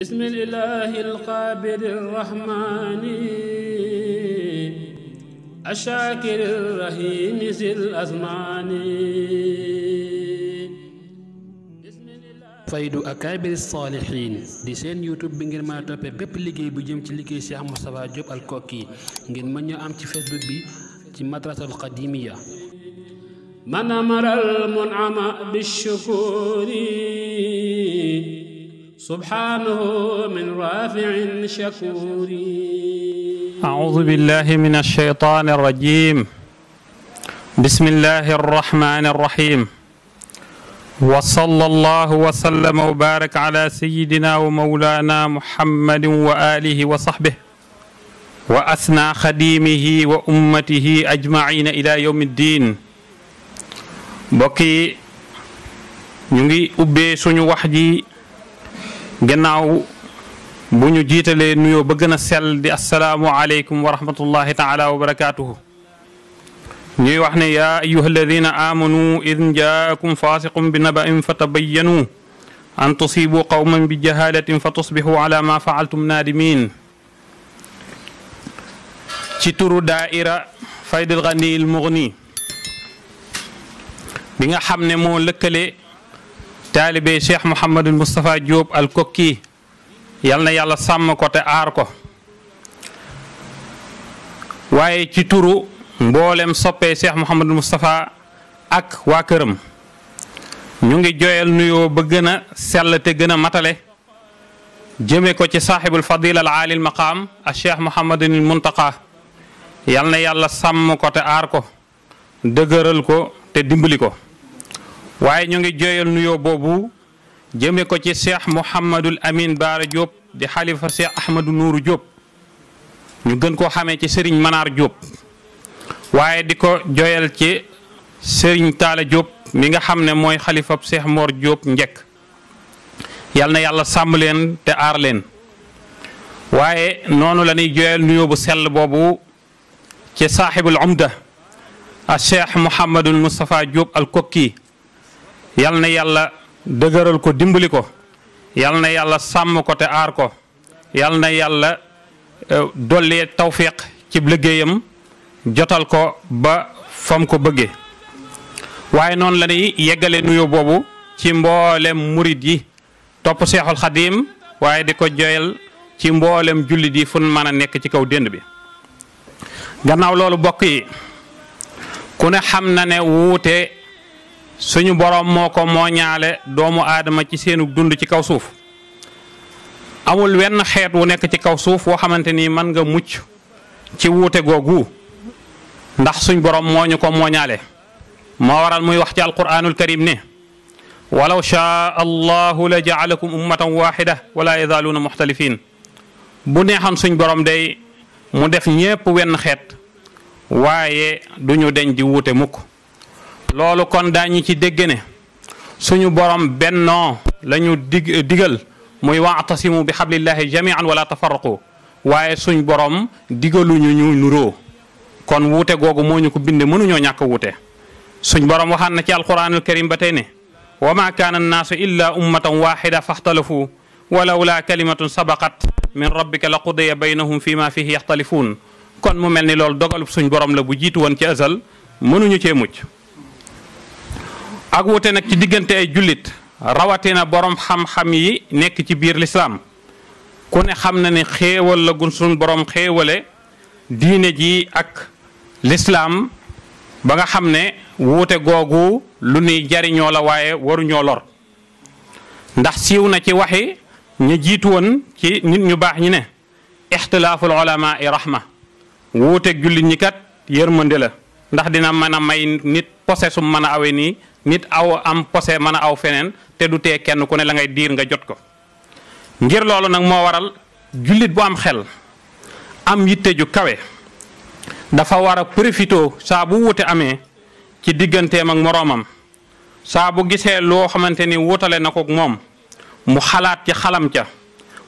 بسم الله القابل الرحمن الشاكر الرحيم ذي الأزمان Faydu Akabir Salihin di seen YouTube bi ngeen mën toppee bépp liggéey bu jëm ci liggéey Cheikh Moustapha Diop Al Koki ngeen mën ñoo am ci Facebook bi ci Madrasatul Qadimiya subhaanahu min raafi'in shakuuri a'uudu billaahi mina shaytaani rajiim bismillaahi rahmaani rahiim wa sallallaahu wa sallama wa baaraka alaa sayyidinaa wa mawlaanaa muhammadin wa aalihi wa sahbihi wa asnaa xadiimihi wa ummatihi ajmaciina ilaa yawmi ddiin mbokk yi ñu ngi ubbee suñu wax ji gannaaw bu ñu jiitale nuyoo ba gën a sell di assalaamu aleykum wa rahmatullahi wa barakaatuhu ñuy wax ne yaa ayuha alladina aamanu in jaakum faasiqum bi naba'in fa an tusibu qawman bi jahalatin fa tusbixu ma faaltum naadimin ci turu daaira faydul ghani al bi nga xam ne moo lëkkale taalibe cheikh Mouhamadul Moustapha Diop al kokki yal na yàlla sàmm ko te aar ko waaye ci turu mboolem soppee cheikh Mouhamadul Moustapha ak waa këram ñu ngi jooyal nuyoo ba gën a sell te gën a matale jëme ko ci saaxibul fadil al aalil maqaam a cheikh Mouhamadul Muntaqa yal na yàlla sàmm ko te aar ko dëgëral ko te dimbali ko. waaye ñu ngi jooyal nuyoo boobu jëmme ko ci seex Mouhamadul Amin Baara Diop di xalifa seex Ahmadou Nourou Diop ñu gën koo xamee ci sëriñ Manaar Diop waaye di ko jooyal ci sëriñ Taala Diop mi nga xam ne mooy xalifab seex moor Diop njëkk yal na yàlla sàmm leen te aar leen waaye noonu la ñuy jooyal nuyoo bu sell boobu ci saaxibul umda a cheikh Mouhamadul Moustapha Diop al kokki yal na yàlla dëgëral ko dimbali ko yal na yàlla sàmm ko te aar ko yal na yàlla e, dolli tawfiq ci liggéeyam jotal ko ba fam ko bëggee waaye noonu la ñuy yeggale nuyo boobu ci mboolem murit yi topp seexul xadiim waaye di ko joyal ci mboolem jullit yi fu mën a nekk ci kaw dénd bi gannaaw loolu bokk yi ku ne xam na ne wuute suñu boroom moo ko moo doomu aadama ci seenu dund ci kaw suuf amul wenn xeet wu nekk ci kaw suuf woo xamante ni mën nga mucc ci wuute googu ndax suñ boroom moo ñu ko moo moo waral muy wax ci alquraanul karim ne walaw shaa allahu la jaalakum ummatan waxida wala yazaaluuna muxtalifin bu neexam suñ borom day mu def ñépp wenn xeet waaye du duñu deñ di wuute mukk loolu kon daañu ci dégg suñu borom bennoo la ñu dig digal muy wa'tasimu bi hablillahi jami'an wala tafarraqu waaye suñ boroom digaluñu ñu nuroo kon wuute googu moo ñu ko binde mënuñoo ñàkk wuute suñ borom waxaan na ci alquranul karim ba tey ne wa ma kaana annaasu illa ummatan waxida faxtalafu walawla kalimatun sabaqat min rabbika la qudiya baynahum fi ma fihi yaxtalifuun kon mu mel ni loolu dogalub suñ borom la bu jiitu woon ci asal mënuñu cee mucc ak wute nag ci diggante ay jullit rawatina borom xam-xam yi nekk ci biir lislaam ku ne xam na ne xéewal la gun suñ borom xéewale diine ji ak lislaam ba nga xam ne wuute googu lu nuy jariñoo la waaye waruñoo lor ndax siiw na ci waxi ñu jiitu woon ci nit ñu baax ñi ne ixtilaaful ulama i rahma wuuteeg jullit ñi kat yërmande la ndax dina mën a may nit posé su mën a awee nii nit aw am posé mën a aw feneen te du tee kenn ku ne la ngay diir nga jot ko ngir loolu nag moo waral jullit bu am xel am yitte ju kawe dafa war a profité saa bu wute amee ci digganteem ak moroomam saa bu gisee loo xamante ni wutale na kook moom mu xalaat ci xalam ca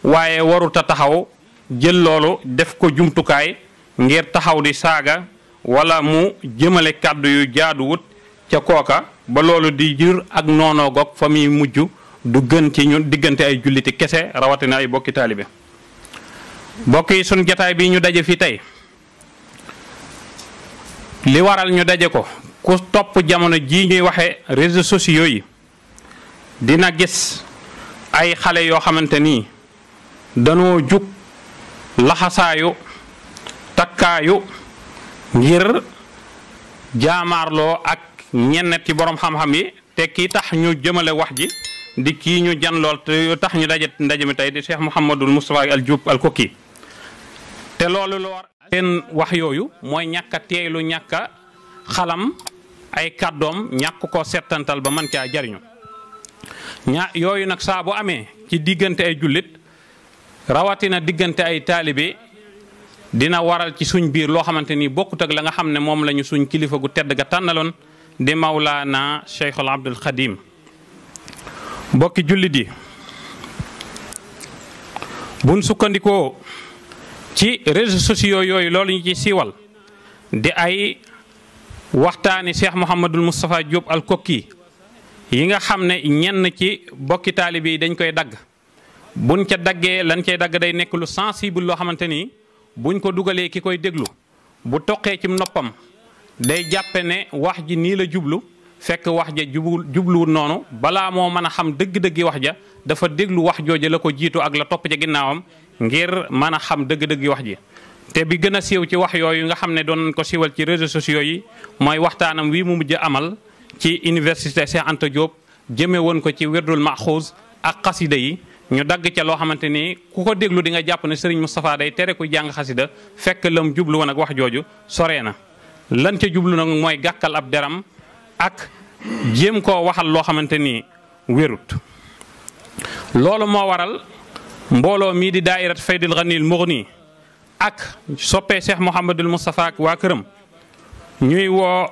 waaye warut a taxaw jël loolu def ko jumtukaay ngir taxaw di saaga wala mu jëmale kàddu yu jaaduwut ca kooka ba loolu di jur ak noonoo goog fa muy mujj du gën ci ñun diggante ay julliti kese rawatina ay bokki taalibe bokk yi jataay bi ñu daje fi tey li waral ñu daje ko ku topp jamono ji ñuy waxe réseaux sociaux yi dina gis ay xale yoo xamante nii danoo jug laxasaayu takkaayu ngir jaamaarloo ak ñenn ci boroom xam-xam yi te kii tax ñu jëmale wax ji di kii ñu jan lool tax ñu daje ndaje mi tey di Cheikh Mouhamadul Moustapha al Diop al Kokki te loolu loo seen wax yooyu mooy ñàkk ñàkk xalam ay kàddoom ñàkk ko settantal ba mën caa jariñu ña yooyu nag saa bu amee ci diggante ay rawatina diggante ay taalibe dina waral ci suñ biir loo xamante ni bokkut ak la nga xam ne moom lañu suñ kilifa gu tedd ga tànnaloon di mawlaana cheikhul abdul xadim mbokki jullit yi buñ sukkandikoo ci réseaux sociaux yooyu loolu ñu ci siiwal di ay waxtaani cheikh mouhamadul moustapha Diop al yi nga xam ne ñenn ci bokki taalibe yi dañ koy dagg buñ ca daggee lañ cay dagg day nekk lu sensible loo xamante ni buñ ko dugalee ki koy déglu bu toqee ci noppam day jàppe ne wax ji nii la jublu fekk wax ja jublu jubluwul noonu balaa moo mën a xam dëgg-dëggi wax ja dafa déglu wax jooja la ko jiitu ak la topp ca ginnaawam ngir mën a xam dëgg-dëggi wax ji te bi gën a siiw ci wax yooyu nga xam ne doon nañ ko siiwal ci réseaux sociaux yi mooy waxtaanam wi mu mujj amal ci université see Anta Diop jëme woon ko ci wirdul maxuus ak xasida yi ñu dagg ca loo xamante ni ku ko déglu di nga jàpp ne Serigne Moustapha day tere ku jàng xasida fekk lam jublu woon wax jooju soree na lan ca jublu nag mooy gàkkal ab deram ak jéem ko waxal loo xamante ni wérut loolu moo waral mbooloo mii di daairat faydil ganil nii ak soppee cheikh mouhamadul moustapha waa këram ñuy woo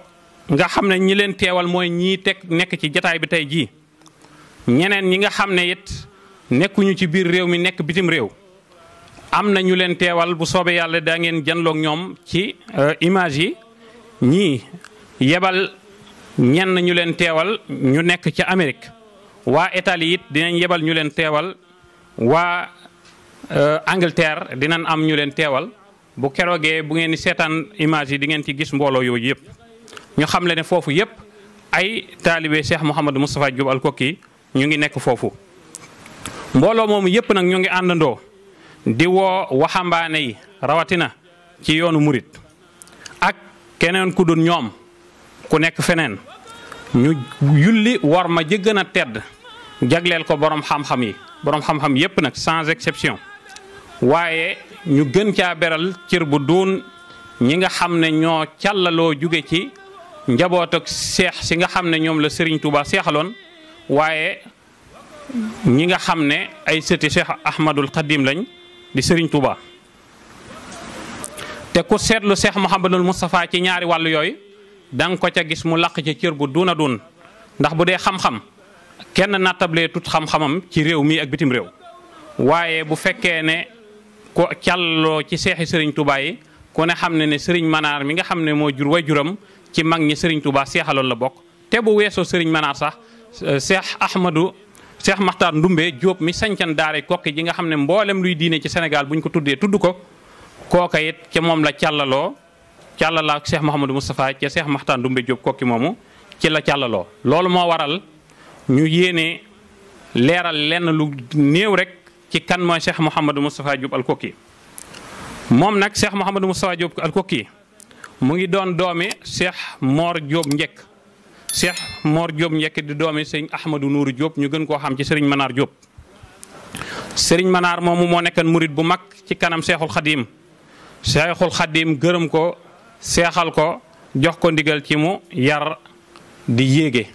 nga xam ne ñi leen teewal mooy ñii teg nekk ci jataay bi tey jii ñeneen ñi nga xam ne it nekkuñu ci biir réew mi nekk bitim réew am na ñu leen teewal bu soobee yàlla daa ngeen janloog ñoom ci euh, image yi ñii yebal ñenn ñu leen teewal ñu nekk ca Amérique waa Italie it dinañ yebal ñu leen teewal waa euh, Angleterre dinañ am ñu leen teewal bu keroogee bu ngeen di seetaan image yi di ngeen ci gis mbooloo yooyu yëpp. ñu xam le ne foofu yëpp ay taalibe Cheikh Mouhamadou Moustapha Diop Alkoki ñu ngi nekk foofu mbooloo moomu yëpp nag ñu ngi àndandoo di woo waxambaane yi rawatina ci yoonu murit keneen ku dul ñoom ku nekk feneen ñu yulli war ma ji gën a tedd jagleel ko boroom xam-xam yi boroom xam-xam yépp nag sans exception waaye ñu gën caa beral cër bu duun ñi nga xam ne ñoo càllaloo jóge ci njaboot ak seex si nga xam ne ñoom la sëriñ Touba seexaloon waaye ñi nga xam ne ay sëti Cheikh Ahmadul Xadim lañ di sëriñ Touba. te ku seetlu Cheikh Mouhamadul Moustapha ci ñaari wàllu yooyu da nga ko ca gis mu laq ca cër bu duuna duun ndax bu dee xam-xam kenn nattablee tut xam-xamam ci réew mi ak bitim réew waaye bu fekkee ne ko càlloo ci seexi sëriñ Touba yi ku ne xam ne ne sëriñ Manaar mi nga xam ne moo jur way juram ci mag ñi sëriñ Touba seexaloon la bokk te bu weesoo sëriñ Manaar sax euh, Cheikh Ahmadou Cheikh Makhtar Ndoumbé Diop mi sancan daare kokki ji nga xam ne mboolem luy diine ci Sénégal buñ ko tuddee tudd ko kooka it ca moom la càllaloo càllalaa seex Cheikh Mouhamadou Moustapha ca Cheikh Maxtaan Dumbe Diop kokki moomu ci la càllaloo loolu moo waral ñu yéene leeral lenn lu néew rek ci kan mooy Cheikh Mouhamadou Moustapha Diop al kokki moom nag Cheikh Mouhamadou Moustapha Diop al kokki mu ngi doon doomi Cheikh moor Diop njëkk Cheikh moor Diop njekk di doomi sëñ Ahmadou Nourou Diop ñu gën koo xam ci Serigne manaar Diop. Serigne Manar moomu moo nekkan murit bu mag ci kanam Cheikhul Khadim Seexul Xaddiim gërëm ko seexal ko jox ko ndigal ci mu yar di yéege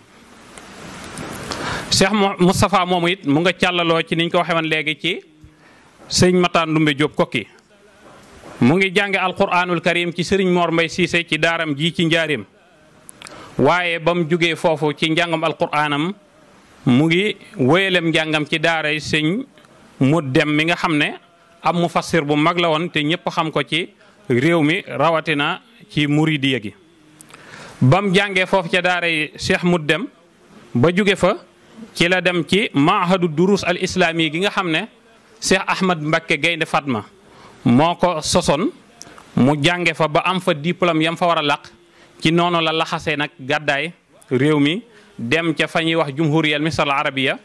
Seex Moustapha moomu it mu nga càllaloo ci niñ ko waxee woon léegi ci sëriñ Mataan Ndumbe Jóob kokki mu ngi jànge alquraanul karim ci sëriñ Mor Mbay Siise ci daaram ji ci njaarim waaye ba mu jógee foofu ci njàngam alquraanam mu ngi wéyalem njàngam ci daaray sëñ mu dem mi nga xam ne am mu fassir bu mag la woon te ñëpp xam ko ci réew mi rawatina ci muridiya gi bam jàngee foofu ca daara yi Cheikh mu dem ba jóge fa ci la dem ci mahadu durus al islami gi nga xam ne Cheikh Ahmad Mbakke Gaynde Fatma moo ko sosoon mu jànge fa ba am fa diplôme yam fa war a laq ci noonu la laxasee nag gàddaay réew mi dem ca fa ñuy wax jumhuriyal misal arabiya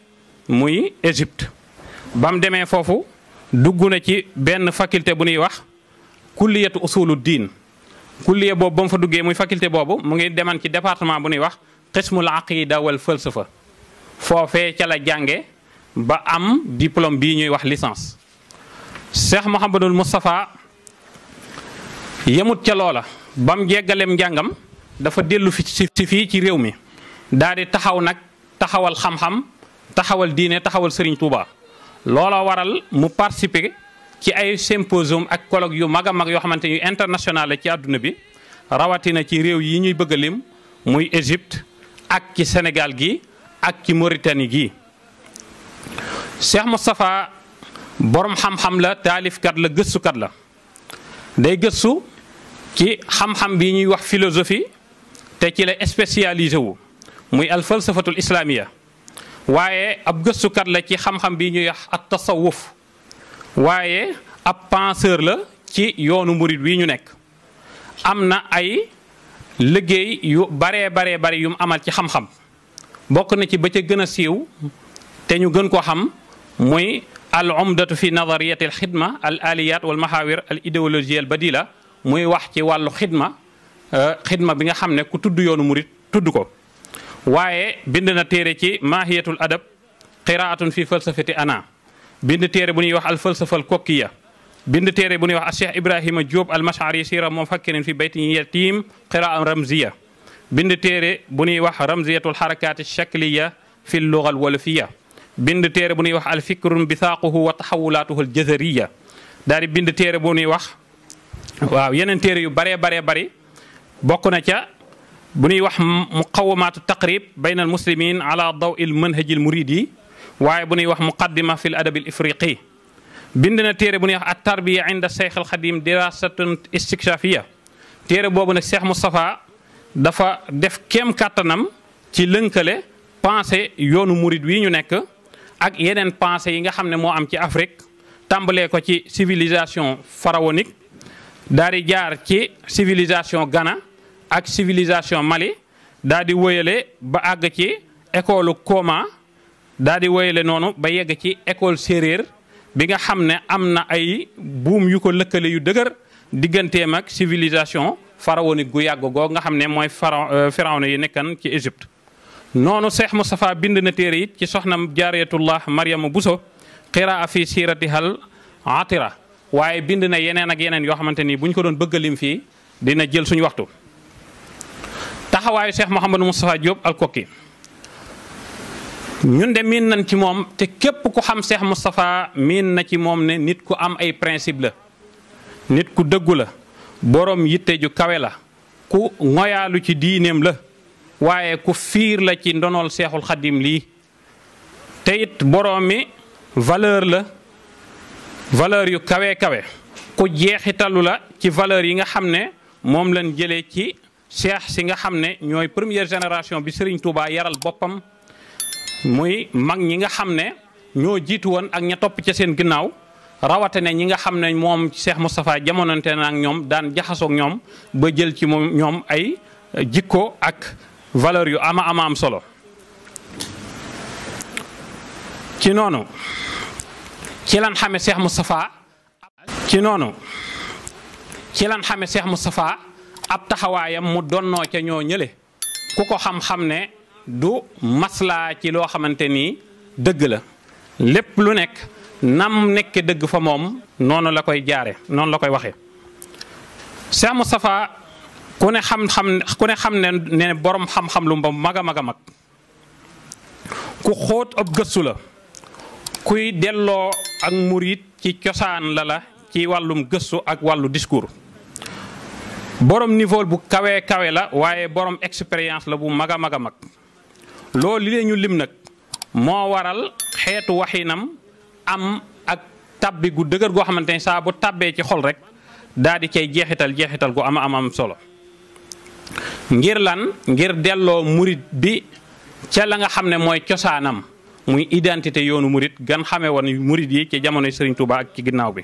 muy Égypte bam demee foofu dugg na ci benn faculté bu nuy wax kulliyatu usulu diin kulliya boobu ba fa duggee muy faculté boobu mu ngi deman ci département bu ñuy wax qismul aqida wal falsafa foofee ca la jànge ba am diplôme bii ñuy wax licence Cheikh Mouhamadul Moustapha yemut ca loola ba mu jeggaleem njàngam dafa dellu fi ci fii ci réew mi daal di taxaw nag taxawal xam-xam taxawal diine taxawal Serigne Touba. loola waral mu participer ci ay symposium ak colloque yu mag a mag yoo xamante ni international ci àdduna bi rawatina ci réew yi ñuy bëgg lim muy Égypte ak ci Sénégal gi ak ci Mauritanie gi Cheikh Moustapha borom xam-xam la taalifkat la gëstukat la day gëstu ci xam-xam bi ñuy wax philosophie te ci la spécialisé wu muy al falsafatul islamiya waaye ab gëstukat la ci xam-xam bi ñuy wax ak tasawuf waaye ab penseur la ci yoonu murit wi ñu nekk am na ay liggéey yu baree baree bari yu mu amal ci xam-xam bokk na ci ba ca gën a siiw te ñu gën ko xam muy al umdatu fi nadariyati al xidma al aliyat wal al al idéologie al badila muy wax ci wàllu xidma euh, xidma bi nga xam ne ku tudd yoonu murit tudd ko waaye bind na téere ci maahiyatul adab qiraatun fi falsafati ana bind téere bu ñuy wax al falsafa al kokkiya bind téere bu ñuy wax al cheikh ibrahima diop al mashari sira moom fakkirin fi baytin yatim qiraan ramziya bind téere bu ñuy wax ramziyatul xarakaati shakliya fi lluga al wolofiya bind téere bu ñuy wax al fikrun bisaaquhu wa taxawulaatuhu al jazariya daal di bind téere bu ñuy wax waaw yeneen téere yu baree baree bari bokk na ca bu ñuy wax muqawamaatu taqrib bayna al muslimin ala daw il manhajil murid yi waaye bu ñuy wax muqaddima fi l adabil ifriqi bind na téere bu ñuy wax at tarbiya inda cheikh al xadim dirasatun istikshafia téere boobu nag cheikh moustapha dafa def kéem kattanam ci lënkale pensée yoonu murid wi ñu nekk ak yeneen pensée yi nga xam ne moo am ci Afrique tàmbalee ko ci civilisation pharaonique daal di jaar ci civilisation Ghana ak civilisation Mali daal di wëyale ba àgg ci école Koma daal di wëyale noonu ba yegg ci école séréer bi nga xam ne am na ay buum yu ko lëkkale yu dëgër digganteem ak civilisation pharaonique gu yàgg googu nga xam ne mooy euh, pharaon yi nekkan ci Égypte. noonu Cheikh Moustapha bind na téere it ci soxnam jaariyatullah Mariama Bousso qiraa fi siiratihal atira waaye bind na yeneen ak yeneen yoo xamante ni bu ñu ko doon bëgg a lim fii dina jël suñu waxtu. taxawaayu Cheikh Mouhamadou Moustapha Diop alkoki ñun de miin nañ ci moom te képp ku xam seex Moustapha miin na ci moom ne nit ku am ay principe la nit ku dëggu la boroom yitte ju kawe la ku ngoyaalu ci diineem la waaye ku fiir la ci ndonol seexul xadim lii te it borom mi valeur la valeur yu kawe kawe ku jeexitalu la ci valeur yi nga xam ne moom lañ jëlee ci cheikh si nga xam ne ñooy première génération bi Serigne Touba yaral boppam muy mag ñi nga xam ne ñoo jiitu woon ak ña topp ca seen ginnaaw rawatina ñi nga xam ne moom Cheikh Moustapha jamonante na ak ñoom daan jaxasoog ñoom ba jël ci moom ñoom ay jikko ak valeur yu ama ama am solo ci noonu ci lan xame Cheikh Moustapha ci noonu ab taxawaayam mu donnoo ca ñoo ñële ku ko xam-xam ne du maslaa ci loo xamante nii dëgg la lépp lu nekk nam nekke dëgg fa moom noonu la koy jaare noonu la koy waxee Cheikh Moustapha ku ne xam-xam ne boroom ne xam-xam lu ba mag a mag a mag ku xóot ab gëstu la kuy delloo ak murit ci cosaan la la ci wàllum gëstu ak wàllu discours boroom niveau bu kawee kawe la waaye borom expérience la bu mag a mag a mag loolu li ñu lim nag moo waral xeetu waxinam am ak tabbi gu dëgër goo xamante ne saa bu tabbee ci xol rek daal di cay jeexital jeexital gu ama am am solo ngir lan ngir delloo murit bi ca la nga xam ne mooy cosaanam muy identité yoonu murit gan xamee woon murit yi ci jamonoy Serigne Touba ak ci ginnaaw bi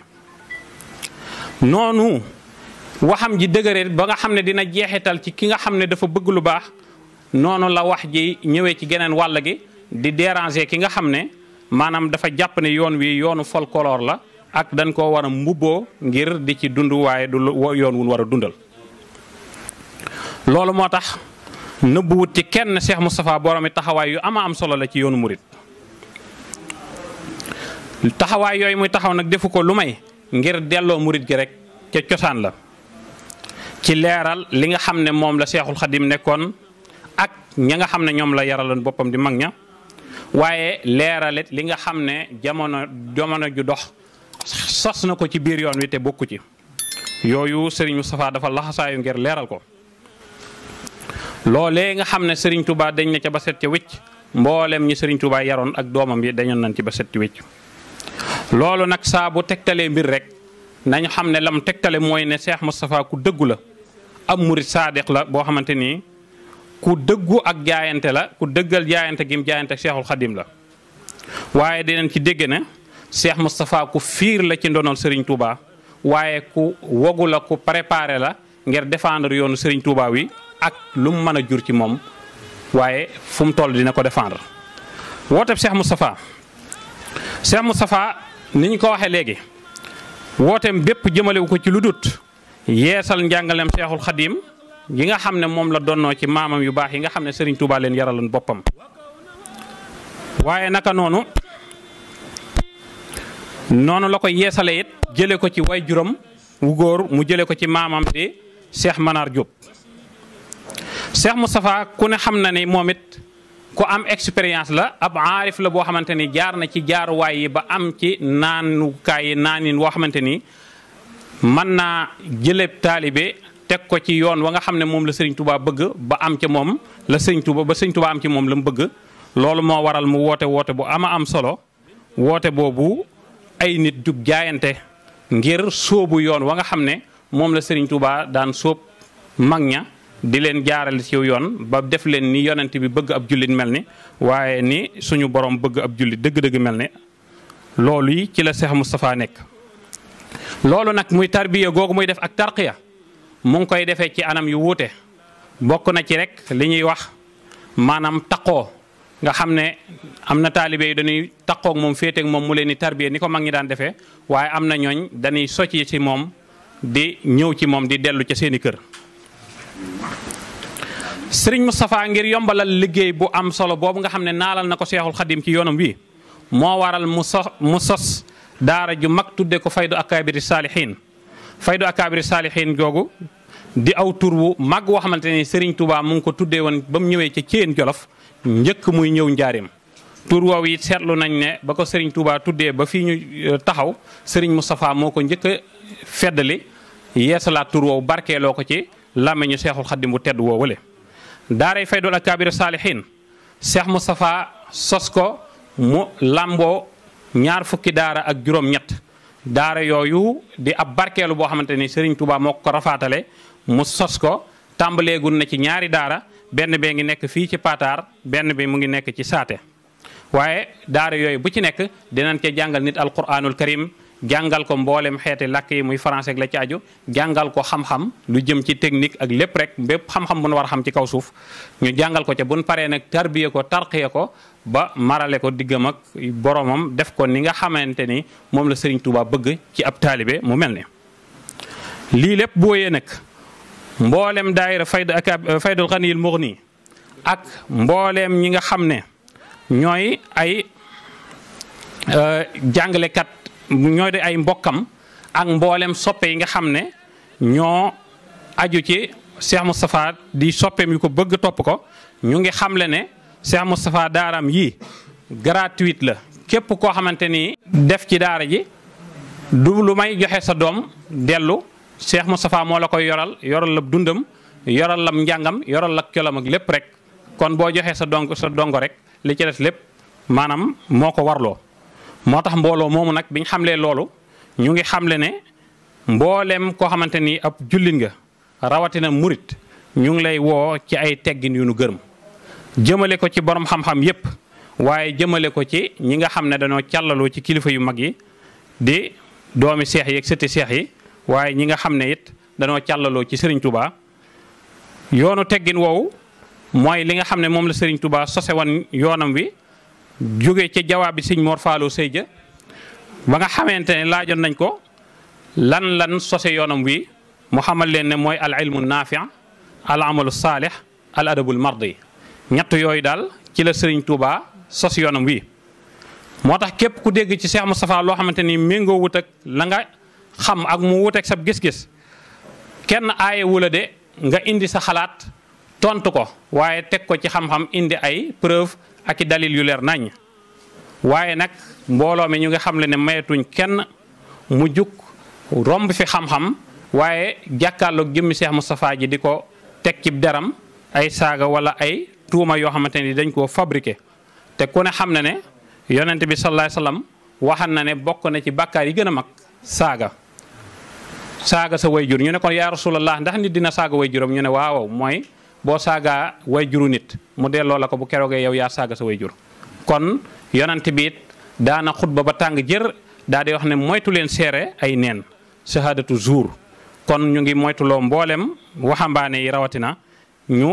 noonu waxam ji dëgëree ba nga xam ne dina jeexital ci ki nga xam ne dafa bëgg lu baax noonu la wax ji ñëwee ci geneen wàll gi di déranger ki nga xam ne maanaam dafa jàpp ne yoon wi yoonu folklore la ak dañ koo war a mbubboo ngir di ci dund waaye du yoon wun war a dundal loolu moo tax nëbbuwut ci kenn seex Cheikh Moustapha boromi taxawaay yu ama am solo la ci yoonu murit taxawaay yooyu muy taxaw nag defu ko lu may ngir delloo murit gi rek ca cosaan la ci leeral li nga xam ne moom la seexul xadim nekkoon ak ña nga xam ne ñoom la yaraloon boppam di mag ña waaye leeralit li nga xam ne jamono jamono ju dox sos na ko ci biir yoon wi te bokku ci yooyu sëriñ Moustapha dafa laxasaayu ngir leeral ko loolee nga xam ne sëriñ Touba dañ na ca ba set ca wécc mboolem ñi sëriñ Touba yaroon ak doomam yi dañoon nañ ci ba set ci wécc loolu nag saa tegtalee mbir rek nañu xam ne lam tegtale mooy ne seex Moustapha ku dëggu la am murit saadiq la boo xamante ni ku dëggu ak jaayante la ku dëggal jaayante gim jaayante ak Cheikhul Khadim la waaye dinañ ci dégg ne Cheikh Moustapha ku fiir la ci ndonol sëriñ Touba waaye ku wogu la ku préparé la ngir défendre yoonu Serigne Touba wi ak lu mu mën a jur ci moom waaye fu mu toll dina ko défendre. wooteeb Cheikh Moustapha Cheikh Moustapha ni ñu ko waxee léegi. wooteem bépp jëmalewu ko ci lu dut yeesal njàngaleem seexul xadiim yi nga xam ne moom la donnoo ci maamam yu baax yi nga xam ne Serigne Touba leen yaraloon boppam waaye naka noonu noonu la ko yeesale it jële ko ci way juram wu góor mu jële ko ci maamam di Cheikh manaar Diop Cheikh Moustapha ku ne xam na ne moom ku am expérience la ab aarif la boo xamante ni jaar na ci jaaruwaay yi ba am ci naanukaay naanin boo xamante ni mën naa jëleb taalibe teg ko ci yoon wa nga xam ne moom la sëriñ bëgg ba am ca moom la sëriñ Touba ba sëriñ am ci moom la mu bëgg loolu moo waral mu woote woote bu ama am solo woote boobu ay nit jug jaayante ngir sóobu yoon wa nga xam ne moom la sëriñ daan sóob mag ña di leen jaarale ci yoon ba def leen ni yonent bi bëgg ab jullit mel ni waaye ni suñu borom bëgg ab jullit dëgg-dëgg mel ni loolu yi ci la Seex Moustapha nekk loolu nag muy tarbiya googu muy def ak tarqiya mu ngi koy defee ci anam yu wuute bokk na ci rek li ñuy wax maanaam taqoo nga xam ne am na taalibe yi dañuy taqoo ak moom féete moom mu leen di tarbiya ni ko mag ñi daan defee waaye am na ñooñ dañuy socc ci moom di ñëw ci moom di dellu ca seeni kër sëriñ Moustapha ngir yombalal liggéey bu am solo boobu nga xam ne naalal na ko seexul xadim ci yoonam wi moo waral mu sos mu sos daara ju mag tudde ko faydu akaabiri saalihiin faydu akaabiri saalihiin googu di aw tur wu mag woo ni sëriñ Touba mu ko tuddee woon ba mu ñëwee ci Ceen Jolof njëkk muy ñëw njaarim tur woow yi seetlu nañ ne ba ko sëriñ Touba tuddee ba fii ñu eh, taxaw sëriñ Moustapha moo ko njëkk a feddali yeesalaat tur woow barkeeloo ko ci làmmiñu seexul xaddim bu tedd woo daara daaray faydul akaabiri saalihiin seex Moustapha sos ko mu làmboo ñaar fukki daara ak juróom-ñett daara yooyu di ab barkeelu boo xamante ni Serigne Touba moo ko rafaatale mu sos ko tàmbaleegun na ci ñaari daara benn bee ngi nekk fii ci patar benn bi mu ngi nekk ci Saate waaye daara yooyu bu ci nekk dinañ ca jàngal nit alquranul karim jàngal ko mboolem xeeti lakk yi muy français ak la ci aju jàngal ko xam-xam lu jëm ci technique ak lépp rek bépp xam-xam bu nu war xam ci kaw suuf ñu jàngal ko ca bu paree nag tarbiye ko tarqiye ko ba marale ko diggam ak boromam def ko ni nga xamante ni moom la Serigne Touba bëgg ci ab taalibe mu mel ni lii lépp booyee nag mboolem daayira fayd ak faydul xaniyil muxni ak mboolem ñi nga xam ne ñooy ay euh, jàngalekat ñoo de ay mbokkam ak mboolem soppe yi nga xam ne ñoo aju ci Cheikh Moustapha di soppeem yu ko bëgg topp ko ñu ngi xamle ne Cheikh Moustapha daaraam yii gratuite la képp koo xamante ni def ci daara ji du lu may joxe sa doom dellu Cheikh Moustapha moo la koy yoral yoral la dundam yoral lam njàngam yoral la colam ak lépp rek kon boo joxee sa dong sa dongo rek li ci des lépp maanaam moo ko warloo moo tax mbooloo moomu nag biñ xamlee loolu ñu ngi xamle ne mbooleem koo xamante ni ab jullit nga rawatina murit ñu ngi lay woo ci ay teggin yu nu gërëm jëmale ko ci borom xam-xam waaye jëmale ko ci ñi nga xam ne dañoo càllaloo ci kilifa yu mag yi di doomi seex yi ak sëti seex yi waaye ñi nga xam ne it dañoo càllaloo ci sëriñ Touba yoonu teggin woowu mooy li nga xam ne moom la sëriñ Touba sose woon yoonam wi jóge ca jawaab bi sëñ Mor Fallou sëy ja ba nga xamante ne laajoon nañ ko lan lan sose yoonam wi mu xamal leen ne mooy al ilmu naafi al amalu saalix al adabul mardi ñett yooyu daal ci la sëriñ Touba sos yoonam wi moo tax képp ku dégg ci mu Moustapha loo xamante ni méngoo wut ak la nga xam ak mu wut ak sab gis-gis kenn aaye wula de nga indi sa xalaat tontu ko waaye teg ko ci xam-xam indi ay preuve ak i dalil yu leer naññ waaye nag mbooloo mi ñu ngi xam le ne mayetuñ kenn mu jug romb fi xam-xam waaye jàkkaarloog jëmmi Seex Moustapha ji di ko teg ci deram ay saaga wala ay tuuma yoo xamante ni dañ koo fabriqué te ku ne xam na ne yonent bi sallallahu alayhi wasallam waxan na ne bokk na ci bàkkaar yi gën a mag saaga saaga sa way jur ñu ne kon yaa rasulallah ndax nit dina saaga way juram ñu ne waaw mooy boo saagaa way juru nit mu delloo la ko bu keroogee yow yaa saaga sa way jur kon yonante bi it daana xutba ba tàng jër daa di wax ne moytu leen seere ay neen sahaadatu zuur kon ñu ngi moytuloo mboolem waxambaane yi rawatina ñu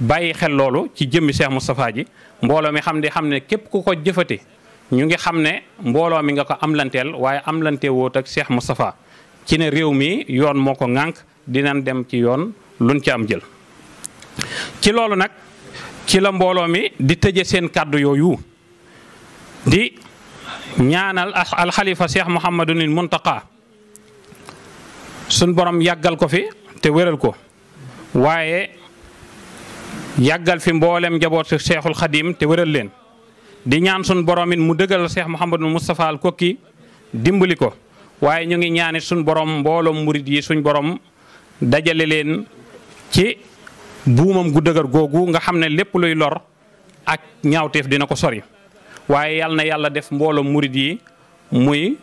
bàyyi xel loolu ci jëmmi Cheikh Moustapha ji mbooloo mi xam ne xam ne képp ku ko jëfati ñu ngi xam ne mbooloo mi nga ko amlanteel waaye amlante woot ak Cheikh Moustapha ci ne réew mi yoon moo ko ŋànk dinañ dem ci yoon luñ ci am jël ci loolu nag ci la mbooloo mi di tëje seen kàddu yooyu di ñaanal alxalifa cheikh Mouhamadunil Muntaqa sun borom yàggal ko fi te wéral ko waaye yàggal fi mboolem njaboot njabootu cheikhul xadim te wéral leen di ñaan suñ borom it mu dëggal cheikh Mouhamadul Moustapha al kokki dimbali ko waaye ñu ngi ñaanit suñ borom mbooloo murit yi suñ borom dajale leen ci buumam gu dëgër googu nga xam ne lépp luy lor ak ñaawteef dina ko sori waaye yàlla na yàlla def mbooloo murid yi muy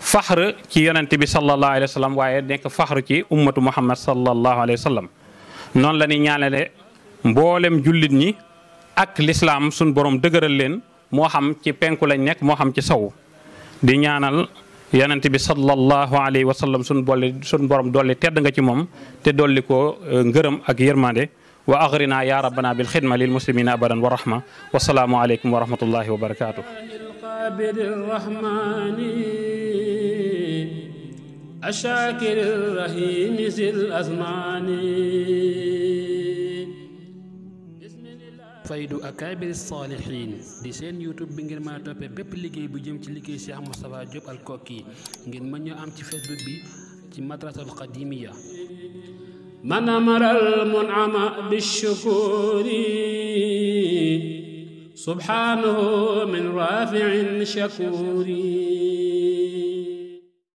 faxr ci yonent bi sallallahu alayhi wa sallam waaye nekk faxr ci ummatu muhammad sallallahu alayhi wa sallam noonu la ñuy ñaanale mboolem jullit ñi ak lislaam suñ borom dëgëral leen moo xam ci penku lañ nekk moo xam ci saw di ñaanal yonent bi sallallahu alayhi wa sallam suñ boole suñ borom dolli tedd nga ci moom te dolli ko euh, ngërëm ak yërmande wa agrinaa yaa rabbana bil xidma lil muslimina abadan wa rahma wa salaamu aleykum wa rahmatullahi wa barakaatu. الشاكر الرحيم ذي الأزمان faydu akaabir saalihiin di seen youtube bi ngeen mën a toppee bépp liggéey bu jëm ci liggéey Cheikh Moustapha Diop Al Koki ngeen mën ñoo am ci facebook bi ci madrasatul qadimiya من أمر المنعم بالشكور سبحانه من رافع شكور